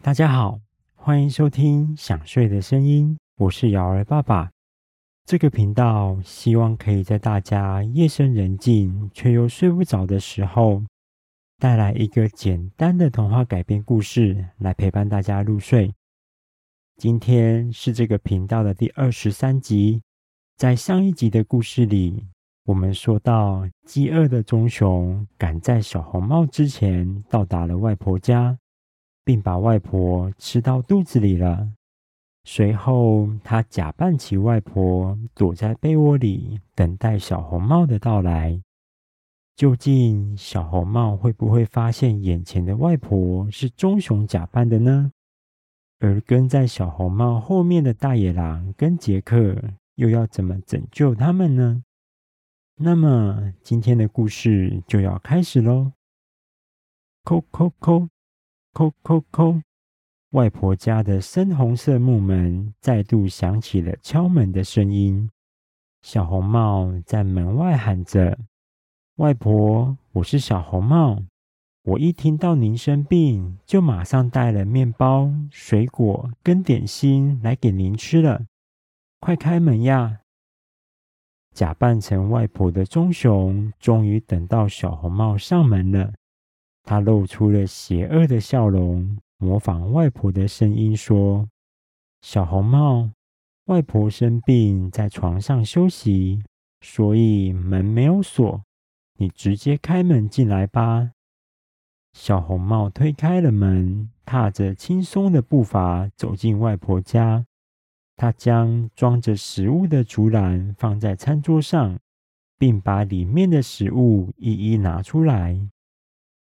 大家好，歡迎收聽《想睡的聲音》，我是堯兒爸爸。這個頻道希望可以在大家夜深人靜卻又睡不着的時候，帶來一個簡單的童話改編故事，來陪伴大家入睡。今天是這個頻道的第二十三集。在上一集的故事裡，我們說到，飢餓的棕熊趕在小紅帽之前到達了外婆家。並把外婆吃到肚子裡了。隨後，他假扮起外婆，躲在被窩裡等待小紅帽的到來。究竟小紅帽會不會發現眼前的外婆是棕熊假扮的呢？而跟在小紅帽後面的大野狼跟傑克又要怎麼拯救他們呢？那麼，今天的故事就要開始嘍！扣扣扣！叩叩叩！外婆家的深紅色木門再度響起了敲門的聲音。小紅帽在門外喊着：“外婆，我是小紅帽。我一聽到您生病，就馬上帶了麵包、水果跟點心來給您吃了。快開門呀！”假扮成外婆的棕熊終於等到小紅帽上門了。他露出了邪惡的笑容，模仿外婆的聲音說：“小紅帽，外婆生病在床上休息，所以門沒有鎖，你直接開門進來吧。”小紅帽推開了門，踏着輕鬆的步伐走進外婆家。他將裝着食物的竹籃放在餐桌上，並把裡面的食物一一拿出來。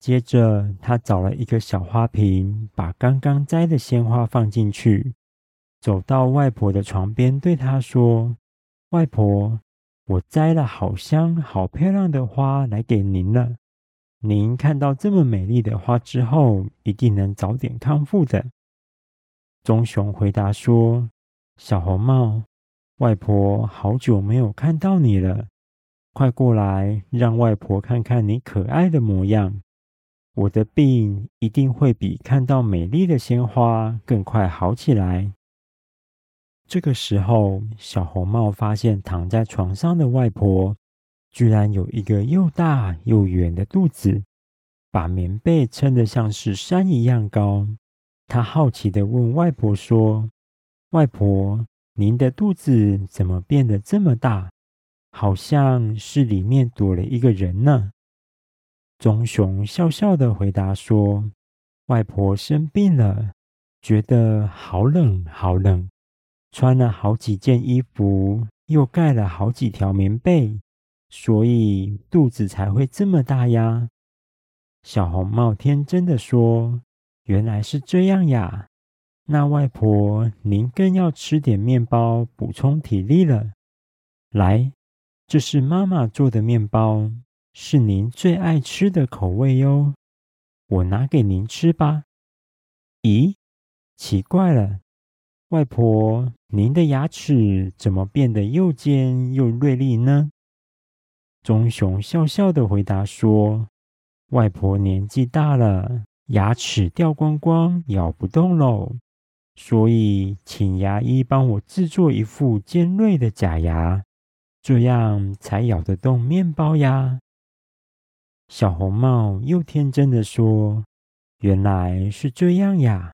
接着，他找了一個小花瓶，把剛剛摘的鮮花放進去，走到外婆的床邊對他，對她說：“外婆，我摘了好香好漂亮的花來給您了。您看到這麼美麗的花之後，一定能早點康復的。”棕熊回答說：“小紅帽，外婆好久沒有看到你了，快過來，讓外婆看看你可愛的模樣。”我的病一定會比看到美麗的鮮花更快好起來。這個時候，小紅帽發現躺在床上的外婆，居然有一個又大又圓的肚子，把棉被撐得像是山一樣高。她好奇地問外婆說：“外婆，您的肚子怎麼變得這麼大？好像是裡面躲了一個人呢？”棕熊笑笑的回答說：“外婆生病了，覺得好冷好冷，穿了好幾件衣服，又蓋了好幾條棉被，所以肚子才會這麼大呀。”小紅帽天真的說：“原來是這樣呀！那外婆，您更要吃點麵包補充體力了。來，這是媽媽做的麵包。”是您最愛吃的口味喲，我拿給您吃吧。咦，奇怪了，外婆，您的牙齒怎麼變得又尖又銳利呢？棕熊笑笑的回答說：“外婆年紀大了，牙齒掉光光，咬不動嘍，所以請牙醫幫我製作一副尖銳的假牙，這樣才咬得動麵包呀。”小紅帽又天真的說：“原來是這樣呀！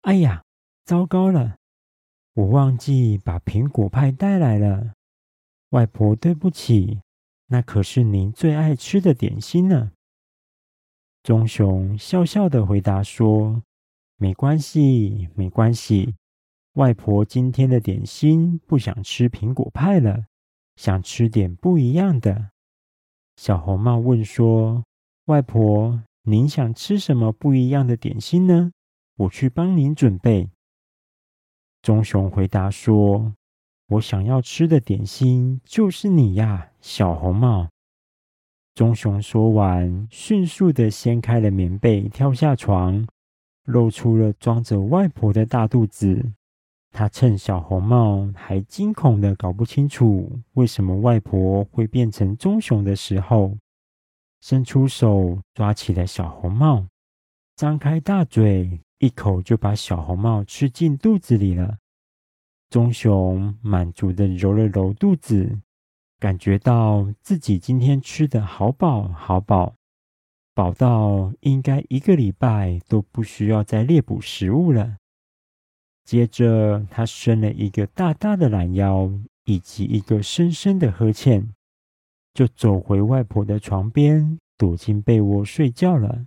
哎呀，糟糕了，我忘記把蘋果派帶來了。外婆，對不起，那可是您最愛吃的點心呢。”棕熊笑笑的回答說：“沒關係，沒關係。外婆今天的點心不想吃蘋果派了，想吃點不一樣的。”小紅帽問說：“外婆，您想吃什麼不一樣的點心呢？我去幫您準備。”棕熊回答說：“我想要吃的點心就是你呀，小紅帽。”棕熊說完，迅速地掀開了棉被，跳下床，露出了裝着外婆的大肚子。他趁小紅帽還驚恐地搞不清楚為什麼外婆會變成棕熊的時候，伸出手抓起了小紅帽，張開大嘴，一口就把小紅帽吃進肚子裡了。棕熊滿足地揉了揉肚子，感覺到自己今天吃得好飽好飽，飽到應該一個禮拜都不需要再獵捕食物了。接着，他伸了一個大大的懶腰，以及一個深深的呵欠，就走回外婆的床邊，躲進被窩睡覺了。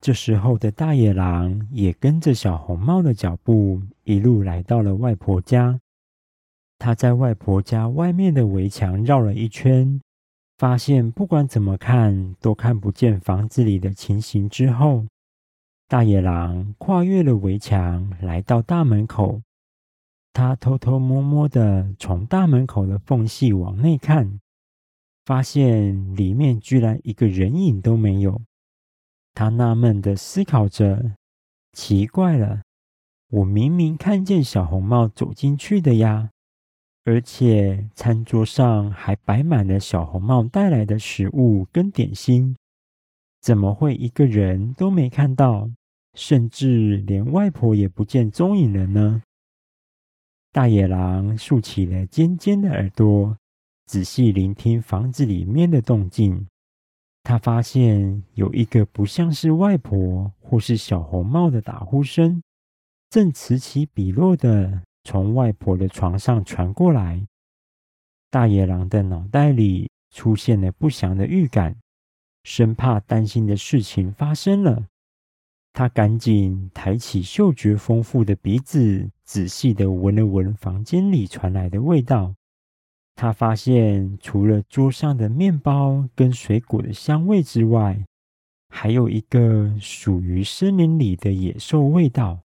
這時候的大野狼也跟着小紅帽的腳步，一路來到了外婆家。他在外婆家外面的圍牆繞了一圈，發現不管怎麼看，都看不見房子裡的情形之後。大野狼跨越了圍牆，來到大門口。他偷偷摸摸地從大門口的縫隙往內看，發現裡面居然一個人影都沒有。他納悶地思考着：“奇怪了，我明明看見小紅帽走進去的呀！而且餐桌上還擺滿了小紅帽帶來的食物跟點心，怎麼會一個人都沒看到？”甚至連外婆也不見蹤影了呢。大野狼豎起了尖尖的耳朵，仔細聆聽房子裡面的動靜。他發現有一個不像是外婆或是小紅帽的打呼聲，正此起彼落地從外婆的床上傳過來。大野狼的腦袋裡出現了不祥的預感，生怕擔心的事情發生了。他趕緊抬起嗅覺豐富的鼻子，仔細地聞了聞房間裡傳來的味道。他發現，除了桌上的麵包跟水果的香味之外，還有一個屬於森林裡的野獸味道。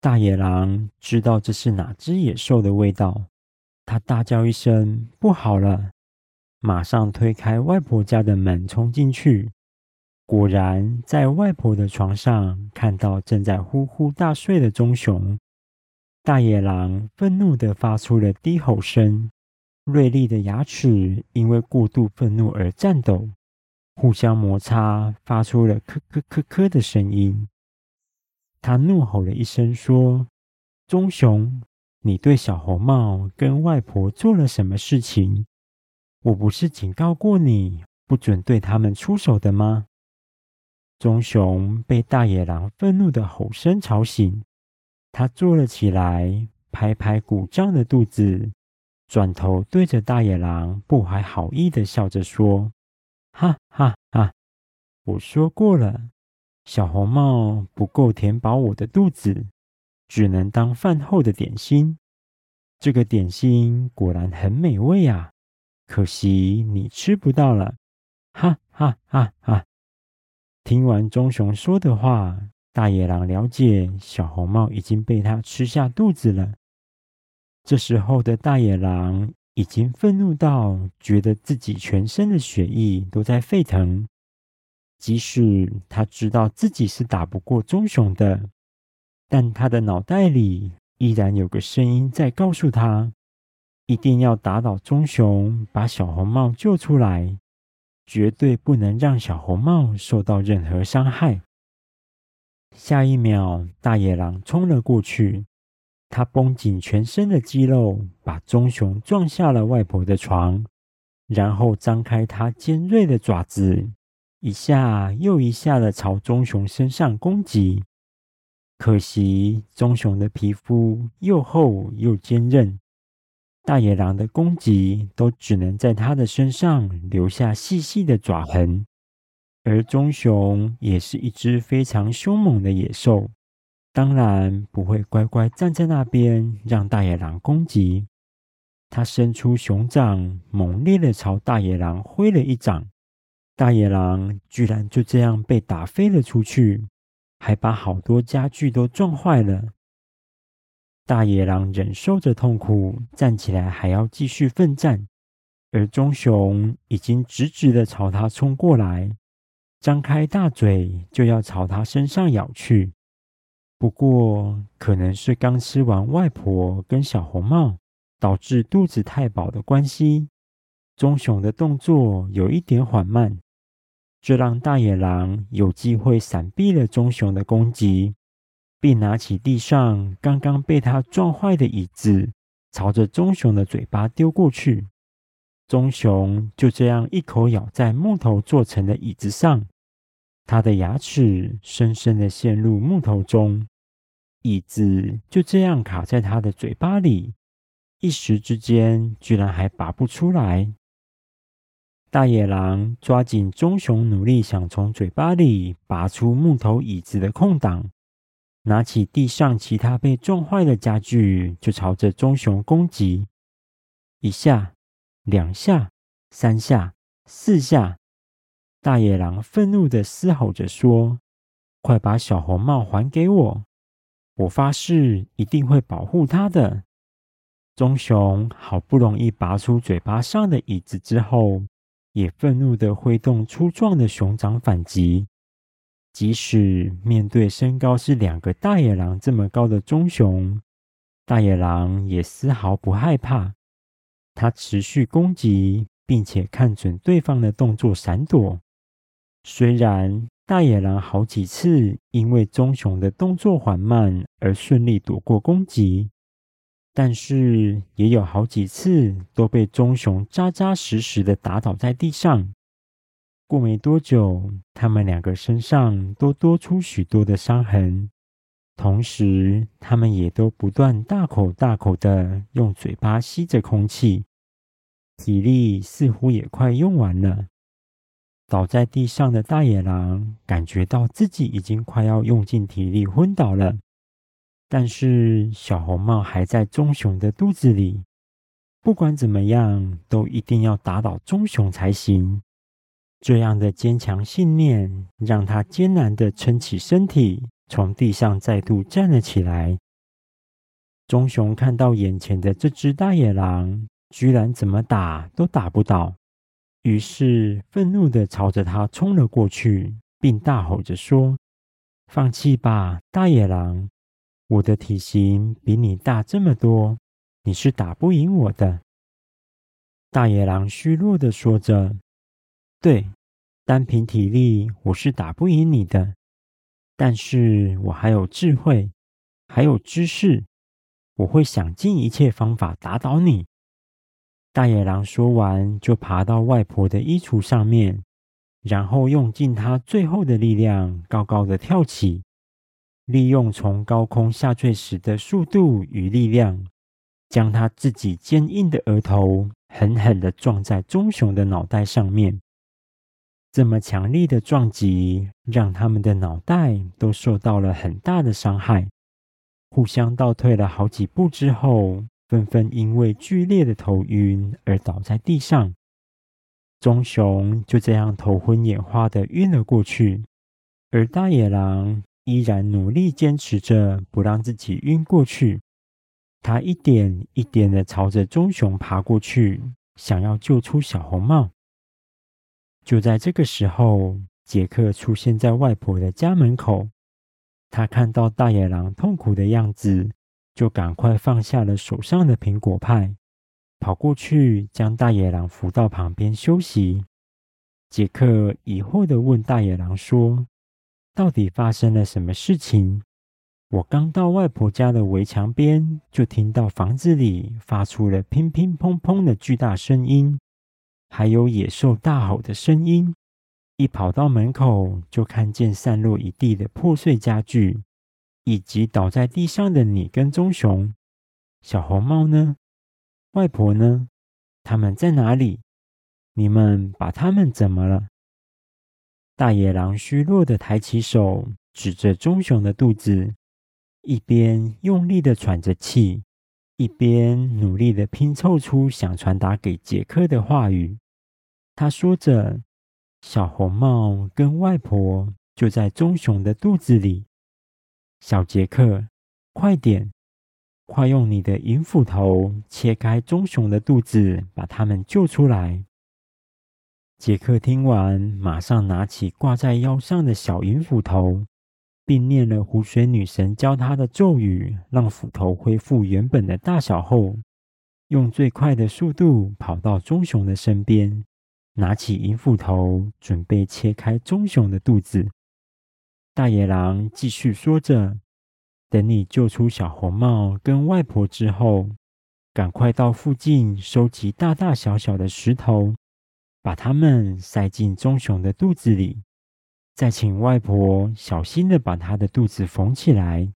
大野狼知道這是哪隻野獸的味道，他大叫一聲：“不好了！”馬上推開外婆家的門，衝進去。果然，在外婆的床上看到正在呼呼大睡的棕熊，大野狼憤怒地發出了低吼聲，銳利的牙齒因為過度憤怒而顫抖，互相摩擦發出了咯咯咯咯的聲音。他怒吼了一聲，說：“棕熊，你對小紅帽跟外婆做了什麼事情？我不是警告過你不准對他們出手的嗎？”棕熊被大野狼憤怒的吼聲吵醒，它坐了起來，拍拍鼓脹的肚子，轉頭對着大野狼不懷好意地笑着說：“哈哈哈！我說過了，小紅帽不夠填飽我的肚子，只能當飯後的點心。這個點心果然很美味啊，可惜你吃不到了。”哈哈哈！哈。哈聽完棕熊說的話，大野狼了解小紅帽已經被他吃下肚子了。這時候的大野狼已經憤怒到覺得自己全身的血液都在沸騰，即使他知道自己是打不過棕熊的，但他的腦袋裡依然有個聲音在告訴他，一定要打倒棕熊，把小紅帽救出來。絕對不能讓小紅帽受到任何傷害。下一秒，大野狼衝了過去，他繃緊全身的肌肉，把棕熊撞下了外婆的床，然後張開他尖銳的爪子，一下又一下的朝棕熊身上攻擊。可惜，棕熊的皮膚又厚又堅韌。大野狼的攻擊都只能在它的身上留下細細的爪痕，而棕熊也是一隻非常兇猛的野獸，當然不會乖乖站在那邊讓大野狼攻擊。它伸出熊掌，猛烈的朝大野狼揮了一掌，大野狼居然就這樣被打飛了出去，還把好多家具都撞壞了。大野狼忍受着痛苦，站起來還要繼續奮戰，而棕熊已經直直的朝他衝過來，張開大嘴就要朝他身上咬去。不過，可能是剛吃完外婆跟小紅帽，導致肚子太飽的關係，棕熊的動作有一點緩慢，這讓大野狼有機會閃避了棕熊的攻擊。並拿起地上剛剛被他撞壞的椅子，朝着棕熊的嘴巴丟過去。棕熊就這樣一口咬在木頭做成的椅子上，他的牙齒深深地陷入木頭中，椅子就這樣卡在他的嘴巴裡，一時之間居然還拔不出來。大野狼抓緊棕熊，努力想從嘴巴裡拔出木頭椅子的空檔。拿起地上其他被撞壞的家具，就朝着棕熊攻擊。一下，兩下，三下，四下，大野狼憤怒的嘶吼着說：“快把小紅帽還給我！我發誓一定會保護他的。”棕熊好不容易拔出嘴巴上的椅子之後，也憤怒的揮動粗壯的熊掌反擊。即使面對身高是兩個大野狼這麼高的棕熊，大野狼也絲毫不害怕。他持續攻擊，並且看準對方的動作閃躲。雖然大野狼好幾次因為棕熊的動作緩慢而順利躲過攻擊，但是也有好幾次都被棕熊扎扎實實的打倒在地上。過沒多久，他們兩個身上都多出許多的傷痕，同時他們也都不斷大口大口的用嘴巴吸着空氣，體力似乎也快用完了。倒在地上的大野狼感覺到自己已經快要用盡體力昏倒了，但是小紅帽還在棕熊的肚子裡，不管怎麼樣都一定要打倒棕熊才行。這樣的堅強信念，讓他艱難地撐起身體，從地上再度站了起來。棕熊看到眼前的這隻大野狼，居然怎麼打都打不倒，於是憤怒地朝着他衝了過去，並大吼着說：“放棄吧，大野狼！我的體型比你大這麼多，你是打不贏我的。”大野狼虛弱地說着。對，單憑體力我是打不贏你的，但是我還有智慧、還有知識，我會想盡一切方法打倒你。大野狼說完，就爬到外婆的衣櫥上面，然後用盡他最後的力量，高高的跳起，利用從高空下墜時的速度與力量，將他自己堅硬的額頭狠狠地撞在棕熊的腦袋上面。這麼強烈的撞擊，讓他們的腦袋都受到了很大的傷害。互相倒退了好幾步之後，紛紛因為劇烈的頭暈而倒在地上。棕熊就這樣頭昏眼花的暈了過去，而大野狼依然努力堅持着，不讓自己暈過去。他一點一點的朝着棕熊爬過去，想要救出小紅帽。就在這個時候，傑克出現在外婆的家門口。他看到大野狼痛苦的樣子，就趕快放下了手上的蘋果派，跑過去將大野狼扶到旁邊休息。傑克疑惑地問大野狼說：“到底發生了什麼事情？”我剛到外婆家的圍牆邊，就聽到房子裡發出了乒乒乓乓的巨大聲音。還有野獸大吼的聲音，一跑到門口就看見散落一地的破碎家具，以及倒在地上的你跟棕熊。小紅帽呢？外婆呢？他們在哪裡？你們把他們怎麼了？大野狼虛弱地抬起手指着棕熊的肚子，一邊用力地喘着氣，一邊努力地拼湊出想傳達給傑克的話語。他說着：“小紅帽跟外婆就在棕熊的肚子裡。”小傑克，快點，快用你的銀斧頭切開棕熊的肚子，把他們救出來。傑克聽完，馬上拿起掛在腰上的小銀斧頭，並念了湖水女神教他的咒語，讓斧頭恢復原本的大小後，用最快的速度跑到棕熊的身邊。拿起銀斧頭，準備切開棕熊的肚子。大野狼繼續說着：“等你救出小紅帽跟外婆之後，趕快到附近收集大大小小的石頭，把它們塞進棕熊的肚子裡，再請外婆小心的把它的肚子縫起來。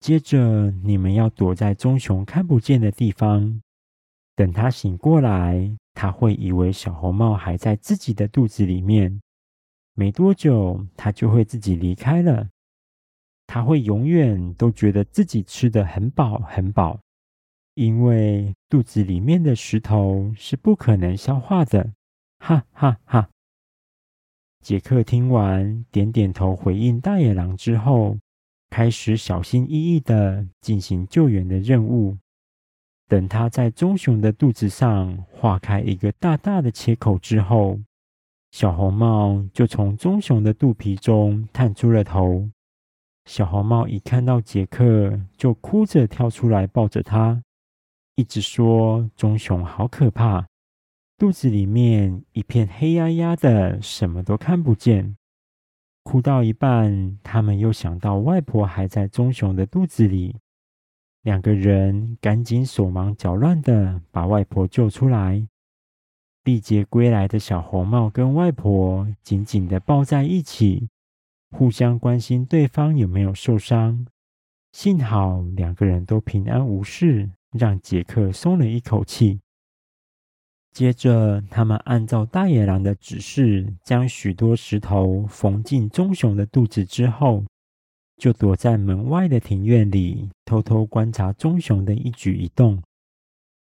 接着，你們要躲在棕熊看不見的地方，等它醒過來。”他會以為小紅帽還在自己的肚子裡面，沒多久他就會自己離開了。他會永遠都覺得自己吃的很飽很飽，因為肚子裡面的石頭是不可能消化的。哈哈哈哈！傑克聽完點點頭回應大野狼之後，開始小心翼翼的進行救援的任務。等他在棕熊的肚子上劃開一個大大的切口之後，小紅帽就從棕熊的肚皮中探出了頭。小紅帽一看到傑克，就哭着跳出來，抱着他，一直說：“棕熊好可怕，肚子裡面一片黑壓壓的，什麼都看不見。”哭到一半，他們又想到外婆還在棕熊的肚子裡。兩個人趕緊手忙腳亂的把外婆救出來。歷劫歸來的小紅帽跟外婆緊緊的抱在一起，互相關心對方有沒有受傷。幸好兩個人都平安無事，讓傑克鬆了一口氣。接着，他們按照大野狼的指示，將許多石頭縫進棕熊的肚子之後，就躲在門外的庭院裡，偷偷觀察棕熊的一舉一動。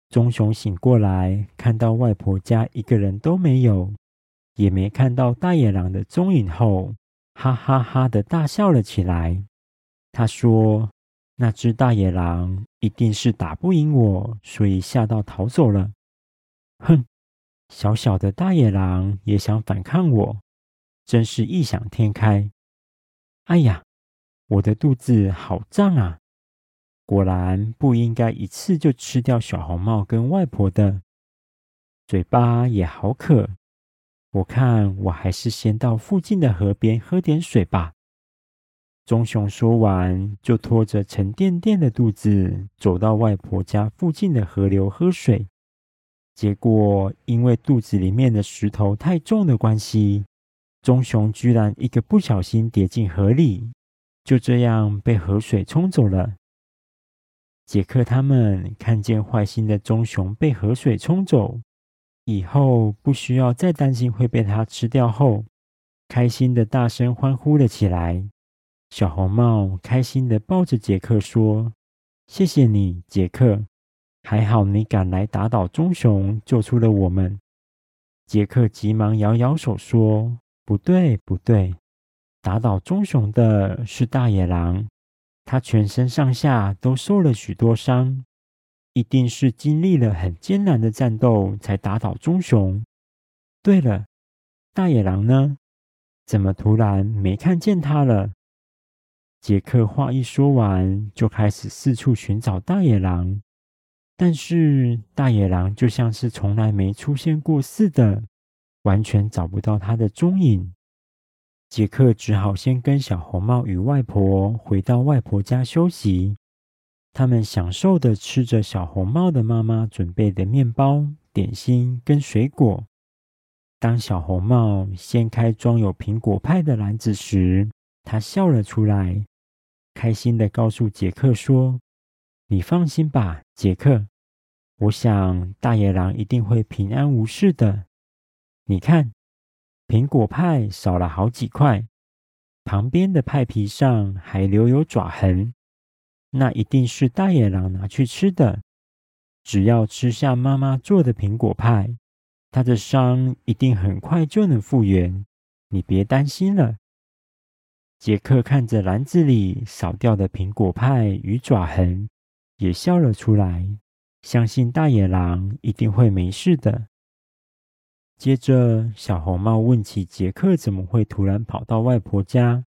棕熊醒過來，看到外婆家一個人都沒有，也沒看到大野狼的蹤影後，哈哈哈的大笑了起來。他說：“那隻大野狼一定是打不贏我，所以嚇到逃走了。”哼，小小的大野狼也想反抗我，真是異想天開！哎呀，我的肚子好脹啊！果然不應該一次就吃掉小紅帽跟外婆的。嘴巴也好渴，我看我還是先到附近的河邊喝點水吧。棕熊說完，就拖着沉甸甸的肚子走到外婆家附近的河流喝水。結果因為肚子裡面的石頭太重的關係，棕熊居然一個不小心跌進河裡。就這樣被河水沖走了。傑克他們看見壞心的棕熊被河水沖走，以後不需要再擔心會被它吃掉後，開心的大聲歡呼了起來。小紅帽開心的抱着傑克說：“謝謝你，傑克，還好你趕來打倒棕熊，救出了我們。”傑克急忙搖搖手說：“不對，不對。”打倒棕熊的是大野狼，他全身上下都受了許多傷，一定是經歷了很艱難的戰鬥才打倒棕熊。對了，大野狼呢？怎麼突然沒看見他了？傑克話一說完，就開始四處尋找大野狼，但是大野狼就像是從來沒出現過似的，完全找不到他的蹤影。傑克只好先跟小紅帽與外婆回到外婆家休息。他們享受地吃着小紅帽的媽媽準備的麵包、點心跟水果。當小紅帽掀開裝有蘋果派的籃子時，他笑了出來，開心地告訴傑克說：“你放心吧，傑克，我想大野狼一定會平安無事的。你看。”蘋果派少了好幾塊，旁邊的派皮上還留有爪痕，那一定是大野狼拿去吃的。只要吃下媽媽做的蘋果派，它的傷一定很快就能復原。你別擔心了。傑克看着籃子裡少掉的蘋果派與爪痕，也笑了出來。相信大野狼一定會沒事的。接着，小紅帽問起傑克怎麼會突然跑到外婆家，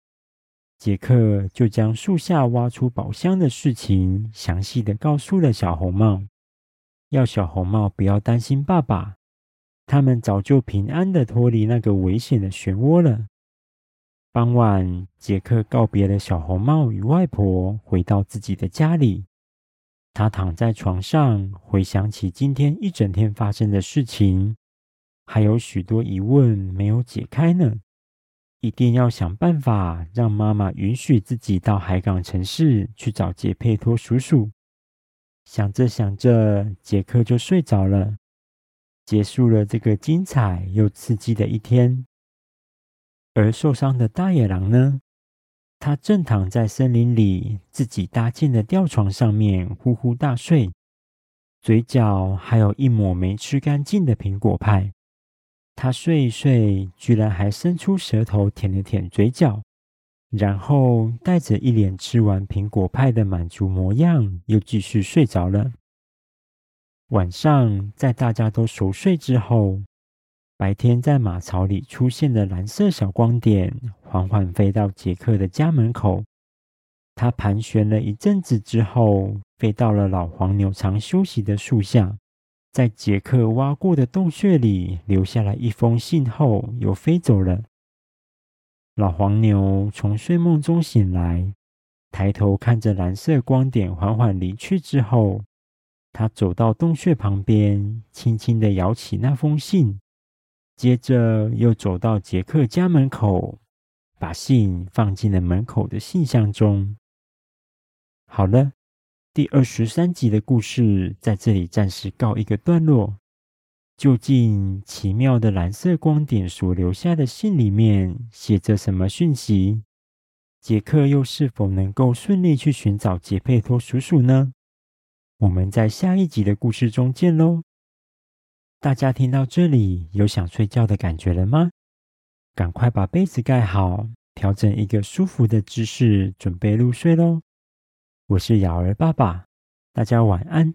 傑克就將樹下挖出寶箱的事情詳細的告訴了小紅帽，要小紅帽不要擔心爸爸，他們早就平安的脫離那個危險的漩渦了。傍晚，傑克告別了小紅帽與外婆，回到自己的家裡，他躺在床上，回想起今天一整天發生的事情。還有許多疑問沒有解開呢，一定要想辦法讓媽媽允許自己到海港城市去找杰佩托叔叔。想着想着，杰克就睡着了，結束了這個精彩又刺激的一天。而受傷的大野狼呢？它正躺在森林裡自己搭建的吊床上面呼呼大睡，嘴角還有一抹沒吃乾淨的蘋果派。他睡一睡，居然還伸出舌頭舔了舔嘴角，然後帶着一臉吃完蘋果派的滿足模樣，又繼續睡着了。晚上，在大家都熟睡之後，白天在馬槽裡出現的藍色小光點，緩緩飛到傑克的家門口。它盤旋了一陣子之後，飛到了老黃牛常休息的樹下。在傑克挖過的洞穴裡留下了一封信後，又飛走了。老黃牛從睡夢中醒來，抬頭看着藍色光點緩緩離去之後，他走到洞穴旁邊，輕輕地搖起那封信，接着又走到杰克家門口，把信放進了門口的信箱中。好了。第二十三集的故事在這裡暫時告一個段落。究竟奇妙的藍色光點所留下的信裡面寫着什麼訊息？傑克又是否能夠順利去尋找傑佩托叔叔呢？我們在下一集的故事中見嘍！大家聽到這裡有想睡覺的感覺了嗎？趕快把被子蓋好，調整一個舒服的姿勢，準備入睡嘍！我是堯兒爸爸，大家晚安。